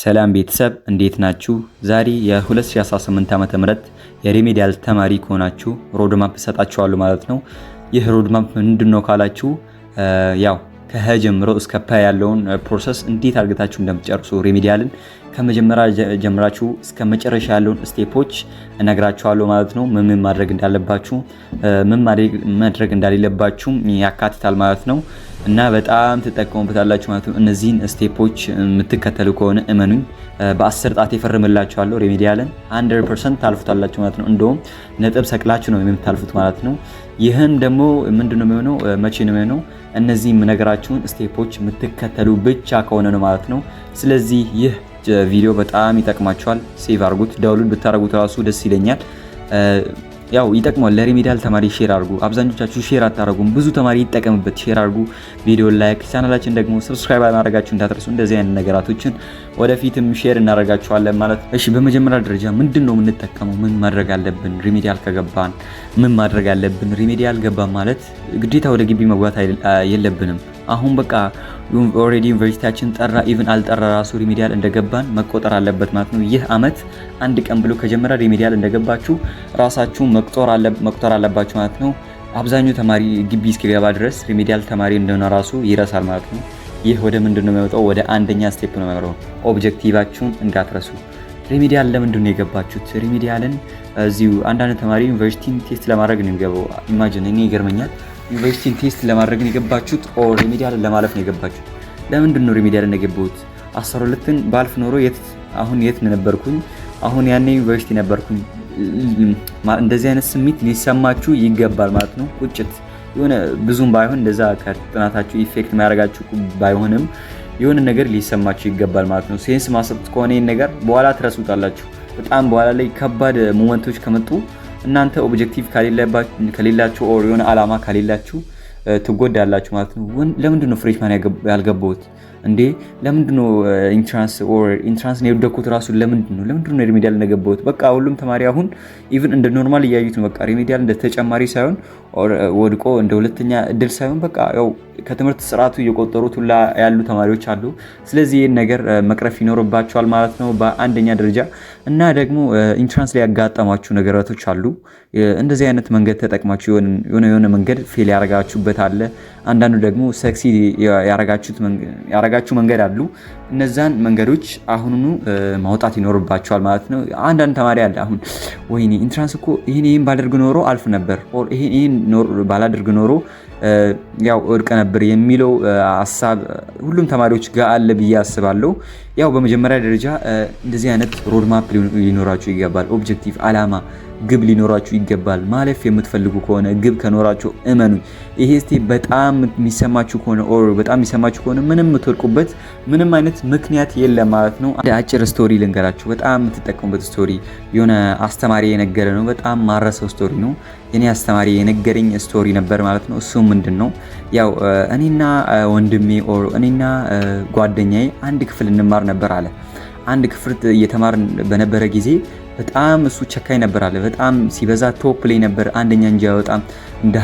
ሰላም ቤተሰብ እንዴት ናችሁ? ዛሬ የ2018 ዓ ም የሪሜዲያል ተማሪ ከሆናችሁ ሮድማፕ እሰጣችኋለሁ ማለት ነው። ይህ ሮድማፕ ምንድን ነው ካላችሁ ያው ከሀ ጀምሮ እስከ ፐ ያለውን ፕሮሰስ እንዴት አድርገታችሁ እንደምትጨርሱ ሪሚዲያልን ከመጀመሪያ ጀምራችሁ እስከ መጨረሻ ያለውን ስቴፖች እነግራችኋለሁ ማለት ነው። ምን ምን ማድረግ እንዳለባችሁ፣ ምን ማድረግ እንዳሌለባችሁም ያካትታል ማለት ነው እና በጣም ትጠቀሙበታላችሁ ማለት ነው። እነዚህን ስቴፖች የምትከተሉ ከሆነ እመኑኝ በአስር ጣት የፈርምላችኋለሁ ሪሚዲያልን ሀንድረድ ፐርሰንት ታልፉታላችሁ ማለት ነው። እንደውም ነጥብ ሰቅላችሁ ነው የምታልፉት ማለት ነው። ይህም ደግሞ ምንድነው የሚሆነው መቼ ነው የሚሆነው እነዚህ የምነግራችሁን ስቴፖች የምትከተሉ ብቻ ከሆነ ነው ማለት ነው። ስለዚህ ይህ ቪዲዮ በጣም ይጠቅማችኋል። ሴቭ አርጉት። ደውሉን ብታደረጉት ራሱ ደስ ይለኛል። ያው ይጠቅማል። ለሪሚዲያል ተማሪ ሼር አድርጉ። አብዛኞቻችሁ ሼር አታደርጉም፣ ብዙ ተማሪ ይጠቀምበት። ሼር አድርጉ፣ ቪዲዮ ላይክ፣ ቻናላችን ደግሞ ሰብስክራይብ ማድረጋችሁ እንዳትረሱ። እንደዚህ አይነት ነገራቶችን ወደፊትም ሼር እናደርጋችኋለን ማለት እሺ። በመጀመሪያ ደረጃ ምንድን ነው የምንጠቀመው? ምን ማድረግ አለብን? ሪሚዲያል ከገባን ምን ማድረግ አለብን? ሪሚዲያል ገባ ማለት ግዴታ ወደ ግቢ መግባት የለብንም። አሁን በቃ ኦልሬዲ ዩኒቨርሲቲያችን ጠራ ኢቭን አልጠራ ራሱ ሪሜዲያል እንደገባን መቆጠር አለበት ማለት ነው። ይህ አመት አንድ ቀን ብሎ ከጀመረ ሪሜዲያል እንደገባችሁ ራሳችሁ መቁጠር አለባችሁ ማለት ነው። አብዛኛው ተማሪ ግቢ እስኪገባ ድረስ ሪሜዲያል ተማሪ እንደሆነ ራሱ ይረሳል ማለት ነው። ይህ ወደ ምንድን ነው የሚወጣው? ወደ አንደኛ ስቴፕ ነው የሚመጣው። ኦብጀክቲቫችሁን እንዳትረሱ። ሪሜዲያል ለምንድን ነው የገባችሁት? ሪሜዲያልን እዚሁ አንዳንድ ተማሪ ዩኒቨርሲቲን ቴስት ለማድረግ ነው የሚገባው። ኢማጂን እኔ ይገርመኛል ዩኒቨርሲቲን ቴስት ለማድረግ የገባችሁት? ኦ ሪሚዲያል ለማለፍ ነው የገባችሁት? ለምንድን ነው ሪሚዲያል የገባሁት? አስራ ሁለትን ባልፍ ኖሮ የት አሁን የት ነበርኩኝ? አሁን ያኔ ዩኒቨርሲቲ ነበርኩኝ። እንደዚህ አይነት ስሜት ሊሰማችሁ ይገባል ማለት ነው። ቁጭት የሆነ ብዙም ባይሆን እንደዛ ከጥናታችሁ ኢፌክት የሚያደርጋችሁ ባይሆንም የሆነ ነገር ሊሰማችሁ ይገባል ማለት ነው። ሴንስ ማሰጡት ከሆነ ይህን ነገር በኋላ ትረሱታላችሁ። በጣም በኋላ ላይ ከባድ ሞመንቶች ከመጡ እናንተ ኦብጀክቲቭ ከሌላችሁ ኦር የሆነ ዓላማ ከሌላችሁ ትጎዳላችሁ ማለት ነው። ለምንድን ነው ፍሬሽማን ያልገባሁት? እንዴ ለምንድን ነው ኢንትራንስ ኦር ኢንትራንስ ነው የወደኩት? ራሱ ለምንድን ነው ለምንድን ነው ሪሜዲያል እንደገባሁት? በቃ ሁሉም ተማሪ አሁን ኢቭን እንደ ኖርማል እያዩት ነው። በቃ ሪሜዲያል እንደ ተጨማሪ ሳይሆን ወድቆ እንደ ሁለተኛ እድል ሳይሆን በቃ ያው ከትምህርት ስርዓቱ እየቆጠሩት ሁላ ያሉ ተማሪዎች አሉ። ስለዚህ ይህን ነገር መቅረፍ ይኖርባቸዋል ማለት ነው በአንደኛ ደረጃ እና ደግሞ ኢንትራንስ ላይ ያጋጠማችሁ ነገራቶች አሉ። እንደዚህ አይነት መንገድ ተጠቅማችሁ የሆነ መንገድ ፌል ያደርጋችሁበት አለ አንዳንዱ ደግሞ ሰክሲ ያረጋችሁ መንገድ አሉ። እነዛን መንገዶች አሁኑኑ ማውጣት ይኖርባቸዋል ማለት ነው። አንዳንድ ተማሪ አለ አሁን ወይኔ ኢንትራንስ እኮ ይህን ይህን ባደርግ ኖሮ አልፍ ነበር፣ ይህን ይህን ባላደርግ ኖሮ ያው እወድቅ ነበር የሚለው ሀሳብ ሁሉም ተማሪዎች ጋር አለ ብዬ አስባለሁ። ያው በመጀመሪያ ደረጃ እንደዚህ አይነት ሮድማፕ ሊኖራቸው ይገባል። ኦብጀክቲቭ አላማ ግብ ሊኖራችሁ ይገባል። ማለፍ የምትፈልጉ ከሆነ ግብ ከኖራችሁ እመኑ ይሄ ስቴፕ በጣም የሚሰማችሁ ከሆነ ኦር በጣም የሚሰማችሁ ከሆነ ምንም የምትወድቁበት ምንም አይነት ምክንያት የለም ማለት ነው። አንድ አጭር ስቶሪ ልንገራችሁ። በጣም የምትጠቀሙበት ስቶሪ የሆነ አስተማሪ የነገረ ነው። በጣም ማረሰው ስቶሪ ነው። እኔ አስተማሪ የነገረኝ ስቶሪ ነበር ማለት ነው። እሱ ምንድን ነው? ያው እኔና ወንድሜ ኦር እኔና ጓደኛዬ አንድ ክፍል እንማር ነበር አለ። አንድ ክፍል እየተማርን በነበረ ጊዜ በጣም እሱ ቸካይ ነበር አለ። በጣም ሲበዛ ቶፕ ላይ ነበር፣ አንደኛ እንጂ አይወጣም። እንደ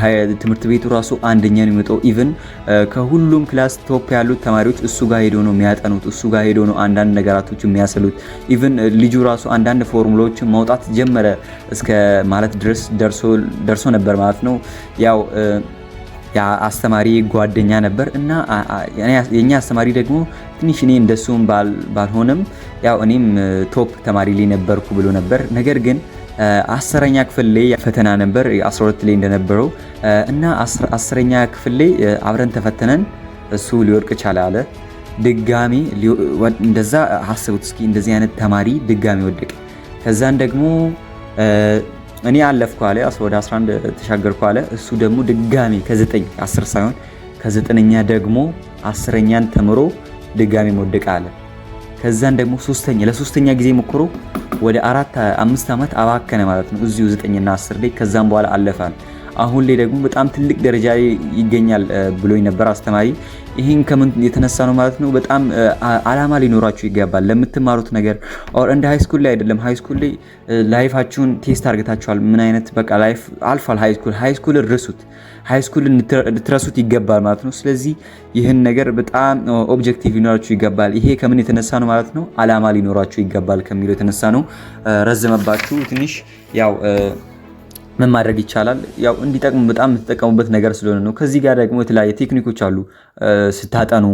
ትምህርት ቤቱ ራሱ አንደኛ ነው የሚወጣው። ኢቭን ከሁሉም ክላስ ቶፕ ያሉት ተማሪዎች እሱ ጋር ሄዶ ነው የሚያጠኑት፣ እሱ ጋር ሄዶ ነው አንዳንድ ነገራቶች የሚያሰሉት። ኢቭን ልጁ ራሱ አንዳንድ ፎርሙላዎችን ማውጣት ጀመረ እስከ ማለት ድረስ ደርሶ ነበር ማለት ነው ያው አስተማሪ ጓደኛ ነበር እና የኛ አስተማሪ ደግሞ ትንሽ እኔ እንደሱም ባልሆንም ያው እኔም ቶፕ ተማሪ ላይ ነበርኩ ብሎ ነበር። ነገር ግን አስረኛ ክፍል ላይ ፈተና ነበር 12 ላይ እንደነበረው እና አስረኛ ክፍል ላይ አብረን ተፈተነን እሱ ሊወድቅ ቻለ አለ። ድጋሚ እንደዛ አስቡት እስኪ እንደዚህ አይነት ተማሪ ድጋሚ ወደቀ። ከዛን ደግሞ እኔ አለፍኩ አለ ወደ 11 ተሻገርኩ አለ። እሱ ደግሞ ድጋሚ ከ9 10 ሳይሆን ከዘጠነኛ ደግሞ አስረኛን ተምሮ ድጋሚ መወደቅ አለ። ከዛን ደግሞ ሶስተኛ ለሶስተኛ ጊዜ ሞክሮ ወደ አራት አምስት ዓመት አባከነ ማለት ነው እዚሁ ዘጠኝና አስር ላይ ከዛም በኋላ አለፋል። አሁን ላይ ደግሞ በጣም ትልቅ ደረጃ ላይ ይገኛል ብሎኝ ነበር አስተማሪ። ይህን ከምን የተነሳ ነው ማለት ነው? በጣም አላማ ሊኖራችሁ ይገባል ለምትማሩት ነገር። ኦር እንደ ሃይስኩል ላይ አይደለም። ሃይስኩል ላይ ላይፋችሁን ቴስት አድርገታችኋል። ምን አይነት በቃ ላይፍ አልፏል። ሃይስኩል ሃይስኩል ርሱት፣ ሃይስኩል ልትረሱት ይገባል ማለት ነው። ስለዚህ ይህን ነገር በጣም ኦብጀክቲቭ ሊኖራችሁ ይገባል። ይሄ ከምን የተነሳ ነው ማለት ነው? አላማ ሊኖራችሁ ይገባል ከሚለው የተነሳ ነው። ረዘመባችሁ ትንሽ ያው ምን ማድረግ ይቻላል? ያው እንዲጠቅሙ በጣም የምትጠቀሙበት ነገር ስለሆነ ነው። ከዚህ ጋር ደግሞ የተለያየ ቴክኒኮች አሉ። ስታጠኑ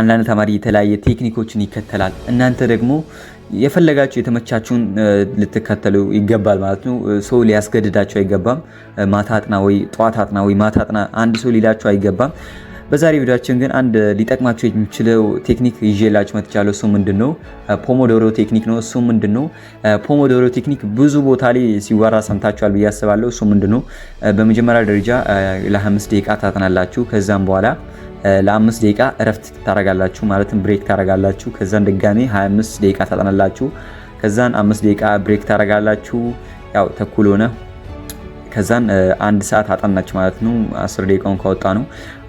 አንዳንድ ተማሪ የተለያየ ቴክኒኮችን ይከተላል። እናንተ ደግሞ የፈለጋችሁ የተመቻችሁን ልትከተሉ ይገባል ማለት ነው። ሰው ሊያስገድዳችሁ አይገባም። ማታ አጥና ወይ ጠዋት አጥና ወይ ማታ አጥና አንድ ሰው ሊላችሁ አይገባም። በዛሬ ቪዲዮችን ግን አንድ ሊጠቅማችሁ የሚችለው ቴክኒክ ይዤላችሁ መጥቻለሁ። እሱ ምንድን ነው? ፖሞዶሮ ቴክኒክ ነው። እሱ ምንድን ነው? ፖሞዶሮ ቴክኒክ ብዙ ቦታ ላይ ሲወራ ሰምታችኋል ብዬ አስባለሁ። እሱ ምንድን ነው? በመጀመሪያ ደረጃ ለ5 ደቂቃ ታጠናላችሁ። ከዛም በኋላ ለአምስት ደቂቃ እረፍት ታረጋላችሁ፣ ማለትም ብሬክ ታረጋላችሁ። ከዛን ድጋሜ 25 ደቂቃ ታጠናላችሁ። ከዛን አምስት ደቂቃ ብሬክ ታረጋላችሁ። ያው ተኩል ሆነ ከዛን አንድ ሰዓት አጠናችሁ ማለት ነው። አስር ደቂቃውን ካወጣ ነው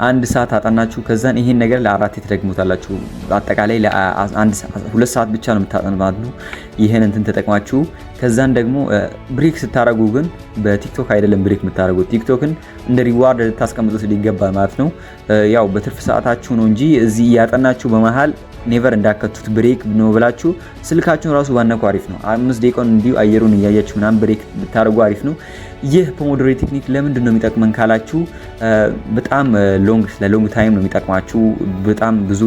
አንድ ሰዓት አጠናችሁ። ከዛን ይሄን ነገር ለአራት የተደግሞታላችሁ። አጠቃላይ ሁለት ሰዓት ብቻ ነው የምታጠኑት ማለት ነው። ይህን እንትን ተጠቅማችሁ ከዛን ደግሞ ብሬክ ስታረጉ ግን በቲክቶክ አይደለም ብሬክ የምታደረጉ፣ ቲክቶክን እንደ ሪዋርድ ልታስቀምጡት ሊገባ ማለት ነው። ያው በትርፍ ሰዓታችሁ ነው እንጂ እዚህ እያጠናችሁ በመሀል ኔቨር እንዳከቱት ብሬክ ነው ብላችሁ ስልካችሁን ራሱ ባነኩ አሪፍ ነው። አምስት ደቂቃን እንዲሁ አየሩን እያያችሁ ምናምን ብሬክ ብታደርጉ አሪፍ ነው። ይህ ፖሞዶሮ ቴክኒክ ለምንድን ነው የሚጠቅመን ካላችሁ በጣም ሎንግ ለሎንግ ታይም ነው የሚጠቅማችሁ በጣም ብዙ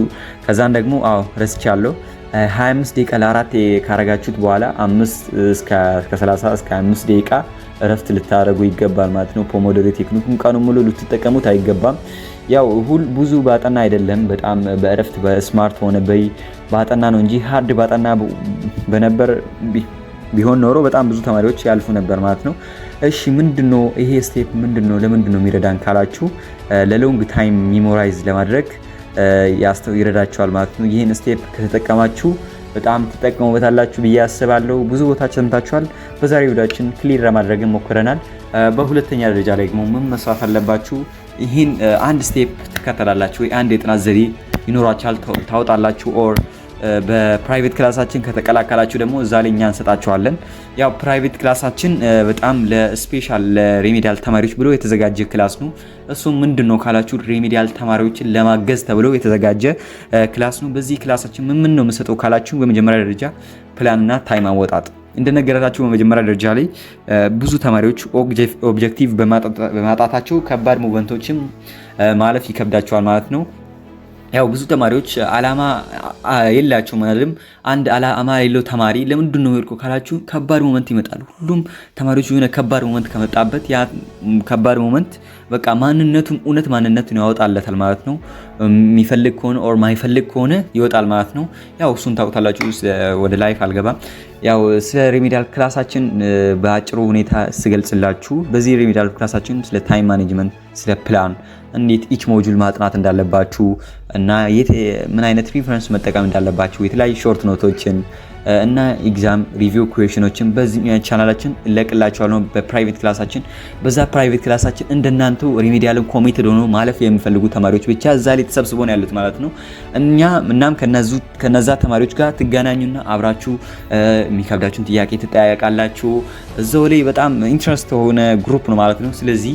ከዛን ደግሞ አዎ ረስቻለሁ 25 ደቂቃ ለአራት ካረጋችሁት በኋላ 5 እስከ 30 እስከ 5 ደቂቃ እረፍት ልታደረጉ ይገባል ማለት ነው። ፖሞዶሪ ቴክኒኩን ቀኑ ሙሉ ልትጠቀሙት አይገባም። ያው ሁል ብዙ ባጠና አይደለም፣ በጣም በእረፍት በስማርት ሆነ በይ ባጠና ነው እንጂ ሀርድ ባጠና በነበር ቢሆን ኖሮ በጣም ብዙ ተማሪዎች ያልፉ ነበር ማለት ነው። እሺ ምንድነው ይሄ ስቴፕ ምንድነው ለምንድነው የሚረዳን ካላችሁ ለሎንግ ታይም ሚሞራይዝ ለማድረግ ይረዳቸዋል ማለት ነው። ይህን ስቴፕ ከተጠቀማችሁ በጣም ትጠቀሙበታላችሁ ብዬ አስባለሁ። ብዙ ቦታ ሰምታችኋል። በዛሬ ቪዲዮችን ክሊር ለማድረግን ሞክረናል። በሁለተኛ ደረጃ ላይ ደግሞ ምን መስራት አለባችሁ? ይህን አንድ ስቴፕ ትከተላላችሁ ወይ አንድ የጥናት ዘዴ ይኖራችኋል ታወጣላችሁ ኦር በፕራይቬት ክላሳችን ከተቀላቀላችሁ ደግሞ እዛ ላይ እኛ እንሰጣችኋለን። ያው ፕራይቬት ክላሳችን በጣም ለስፔሻል ለሬሜዲያል ተማሪዎች ብሎ የተዘጋጀ ክላስ ነው። እሱ ምንድን ነው ካላችሁ ሬሜዲያል ተማሪዎችን ለማገዝ ተብሎ የተዘጋጀ ክላስ ነው። በዚህ ክላሳችን ምን ምን ነው የምሰጠው ካላችሁ በመጀመሪያ ደረጃ ፕላንና ታይም አወጣጥ እንደነገራታችሁ በመጀመሪያ ደረጃ ላይ ብዙ ተማሪዎች ኦብጀክቲቭ በማጣታቸው ከባድ ሞቨንቶችም ማለፍ ይከብዳቸዋል ማለት ነው። ያው ብዙ ተማሪዎች አላማ የላቸው ማለትም አንድ አላማ የለው ተማሪ ለምንድን ነው የሄድኩ ካላችሁ ከባድ ሞመንት ይመጣል። ሁሉም ተማሪዎች የሆነ ከባድ ሞመንት ከመጣበት ያ ከባድ ሞመንት በቃ ማንነቱን እውነት ማንነቱን ያወጣለታል ማለት ነው። የሚፈልግ ከሆነ ኦር ማይፈልግ ከሆነ ይወጣል ማለት ነው። ያው እሱን ታውቁታላችሁ። ወደ ላይፍ አልገባም። ያው ስለ ሪሚዲያል ክላሳችን በአጭሩ ሁኔታ ስገልጽላችሁ በዚህ ሪሚዲያል ክላሳችን ስለ ታይም ማኔጅመንት፣ ስለ ፕላን እንዴት ኢች ሞጁል ማጥናት እንዳለባችሁ እና ምን አይነት ሪፈረንስ መጠቀም እንዳለባችሁ የተለያዩ ሾርት ኖቶችን እና ኤግዛም ሪቪው ኩዌሽኖችን በዚህ ቻናላችን ነው በፕራይቬት ክላሳችን። በዛ ፕራይቬት ክላሳችን እንደናንተ ሪሜዲያልን ኮሚትድ ሆኖ ማለፍ የሚፈልጉ ተማሪዎች ብቻ እዛ ላይ ተሰብስቦ ነው ያሉት ማለት ነው። እኛ እናም ከነዛ ተማሪዎች ጋር ትገናኙና አብራችሁ የሚከብዳችሁን ጥያቄ ትጠያቃላችሁ። እዛው ላይ በጣም ኢንትረስት የሆነ ግሩፕ ነው ማለት ነው። ስለዚህ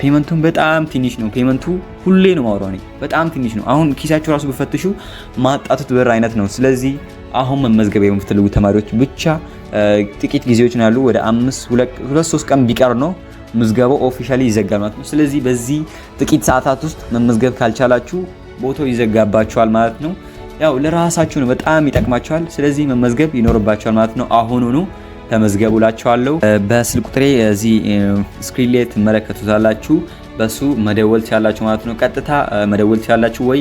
ፔመንቱን በጣም ትንሽ ነው። ፔመንቱ ሁሌ ነው ማውራው በጣም ትንሽ ነው። አሁን ኪሳችሁ ራሱ በፈትሹ ማጣቱት ብር አይነት ነው። ስለዚህ አሁን መመዝገብ የምትፈልጉ ተማሪዎች ብቻ ጥቂት ጊዜዎች ያሉ። ወደ ሁለት ሶስት ቀን ቢቀር ነው ምዝገባው ኦፊሻሊ ይዘጋል ማለት ነው። ስለዚህ በዚህ ጥቂት ሰዓታት ውስጥ መመዝገብ ካልቻላችሁ ቦታው ይዘጋባችኋል ማለት ነው። ያው ለራሳችሁ ነው፣ በጣም ይጠቅማችኋል። ስለዚህ መመዝገብ ይኖርባችኋል ማለት ነው። አሁኑኑ ተመዝገቡላችኋለሁ። በስልክ ቁጥሬ እዚህ ስክሪን ላይ ትመለከቱታላችሁ። በሱ መደወል ትችላላችሁ ማለት ነው። ቀጥታ መደወል ትችላላችሁ ወይ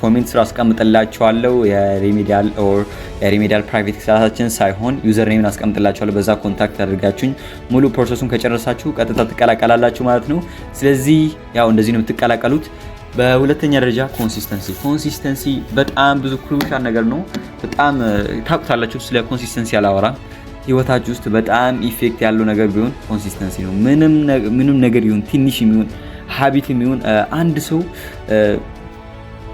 ኮሜንት ስራ አስቀምጥላችኋለሁ። የሪሜዲያል ኦር የሪሜዲያል ፕራይቬት ክላሳችን ሳይሆን ዩዘር ኔምን አስቀምጥላችኋለሁ። በዛ ኮንታክት አድርጋችሁኝ ሙሉ ፕሮሰሱን ከጨረሳችሁ ቀጥታ ትቀላቀላላችሁ ማለት ነው። ስለዚህ ያው እንደዚህ ነው የምትቀላቀሉት። በሁለተኛ ደረጃ ኮንሲስተንሲ ኮንሲስተንሲ በጣም ብዙ ክሩሻል ነገር ነው። በጣም ታውቁታላችሁ። ስለ ኮንሲስተንሲ አላወራም ህይወታችሁ ውስጥ በጣም ኢፌክት ያለው ነገር ቢሆን ኮንሲስተንሲ ነው። ምንም ነገር ይሁን ትንሽ የሚሆን ሀቢት የሚሆን አንድ ሰው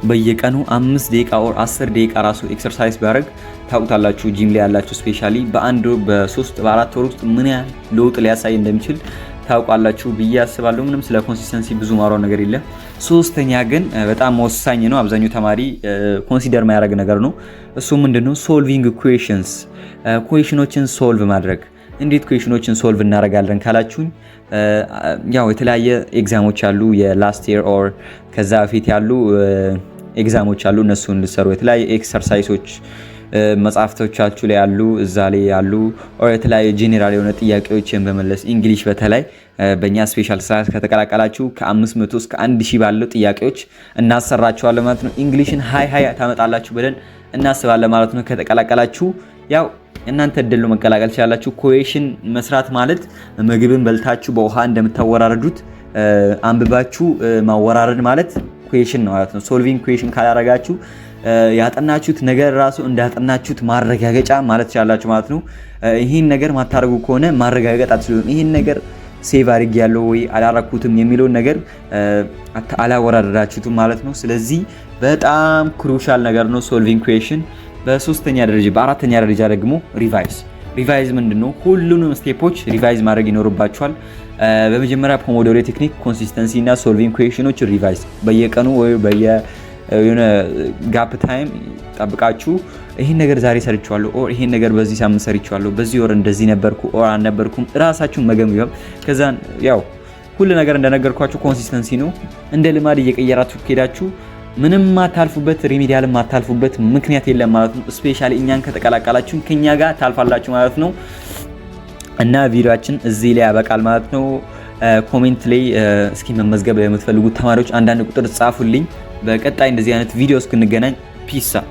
በየቀኑ አምስት ደቂቃ ኦር አስር ደቂቃ ራሱ ኤክሰርሳይዝ ቢያደርግ ታውቁታላችሁ። ጂም ላይ ያላችሁ ስፔሻሊ በአንድ በሶስት በአራት ወር ውስጥ ምን ያህል ለውጥ ሊያሳይ እንደሚችል ታውቃላችሁ ብዬ አስባለሁ። ምንም ስለ ኮንሲስተንሲ ብዙ ማውራው ነገር የለም። ሶስተኛ ግን በጣም ወሳኝ ነው፣ አብዛኛው ተማሪ ኮንሲደር ማያደረግ ነገር ነው። እሱ ምንድነው? ሶልቪንግ ኩዌሽንስ፣ ኩዌሽኖችን ሶልቭ ማድረግ እንዴት ኩዌሽኖችን ሶልቭ እናደረጋለን ካላችሁኝ፣ ያው የተለያየ ኤግዛሞች አሉ። የላስት የር ኦር ከዛ በፊት ያሉ ኤግዛሞች አሉ። እነሱ እንድሰሩ የተለያየ ኤክሰርሳይሶች መጽሐፍቶቻችሁ ላይ ያሉ እዛ ላይ ያሉ የተለያዩ ጄኔራል የሆነ ጥያቄዎችን በመለስ እንግሊሽ በተለይ በእኛ ስፔሻል ስርዓት ከተቀላቀላችሁ ከ500 እስከ 1000 ባለው ጥያቄዎች እናሰራችኋለን ማለት ነው። እንግሊሽን ሀይ ሀይ ታመጣላችሁ ብለን እናስባለን ማለት ነው። ከተቀላቀላችሁ ያው እናንተ እድሉ መቀላቀል ትችላላችሁ። ኩዌሽን መስራት ማለት ምግብን በልታችሁ በውሃ እንደምታወራረዱት አንብባችሁ ማወራረድ ማለት ኩዌሽን ነው ማለት ነው። ሶልቪንግ ኩዌሽን ካላረጋችሁ ያጠናችሁት ነገር ራሱ እንዳጠናችሁት ማረጋገጫ ማለት ትችላላችሁ ማለት ነው። ይህን ነገር ማታደርጉ ከሆነ ማረጋገጥ አትችሉም። ይህን ነገር ሴቭ አድርግ ያለው ወይ አላረኩትም የሚለውን ነገር አላወራረዳችሁትም ማለት ነው። ስለዚህ በጣም ክሩሻል ነገር ነው ሶልቪንግ ኩዌሽን። በሶስተኛ ደረጃ በአራተኛ ደረጃ ደግሞ ሪቫይዝ ሪቫይዝ ምንድን ነው? ሁሉንም ስቴፖች ሪቫይዝ ማድረግ ይኖርባቸዋል። በመጀመሪያ ፖሞዶሮ ቴክኒክ ኮንሲስተንሲ እና ሶልቪንግ ኩዌሽኖች ሪቫይዝ በየቀኑ ወይ የሆነ ጋፕ ታይም ጠብቃችሁ ይህን ነገር ዛሬ ሰርችዋለሁ ኦር ይሄን ነገር በዚህ ሳምንት ሰርችዋለሁ፣ በዚህ ወር እንደዚህ ነበርኩ ኦር አልነበርኩም፣ ራሳችሁን መገምገም። ከዛን ያው ሁሉ ነገር እንደነገርኳችሁ ኮንሲስተንሲ ነው። እንደ ልማድ እየቀየራችሁ ከሄዳችሁ ምንም ማታልፉበት ሪሚዲያል ማታልፉበት ምክንያት የለም ማለት ነው። ስፔሻሊ እኛን ከተቀላቀላችሁ ከኛ ጋር ታልፋላችሁ ማለት ነው። እና ቪዲዮችን እዚህ ላይ ያበቃል ማለት ነው። ኮሜንት ላይ እስኪ መመዝገብ የምትፈልጉት ተማሪዎች አንዳንድ ቁጥር ጻፉልኝ። በቀጣይ እንደዚህ አይነት ቪዲዮ እስክንገናኝ ፒሳ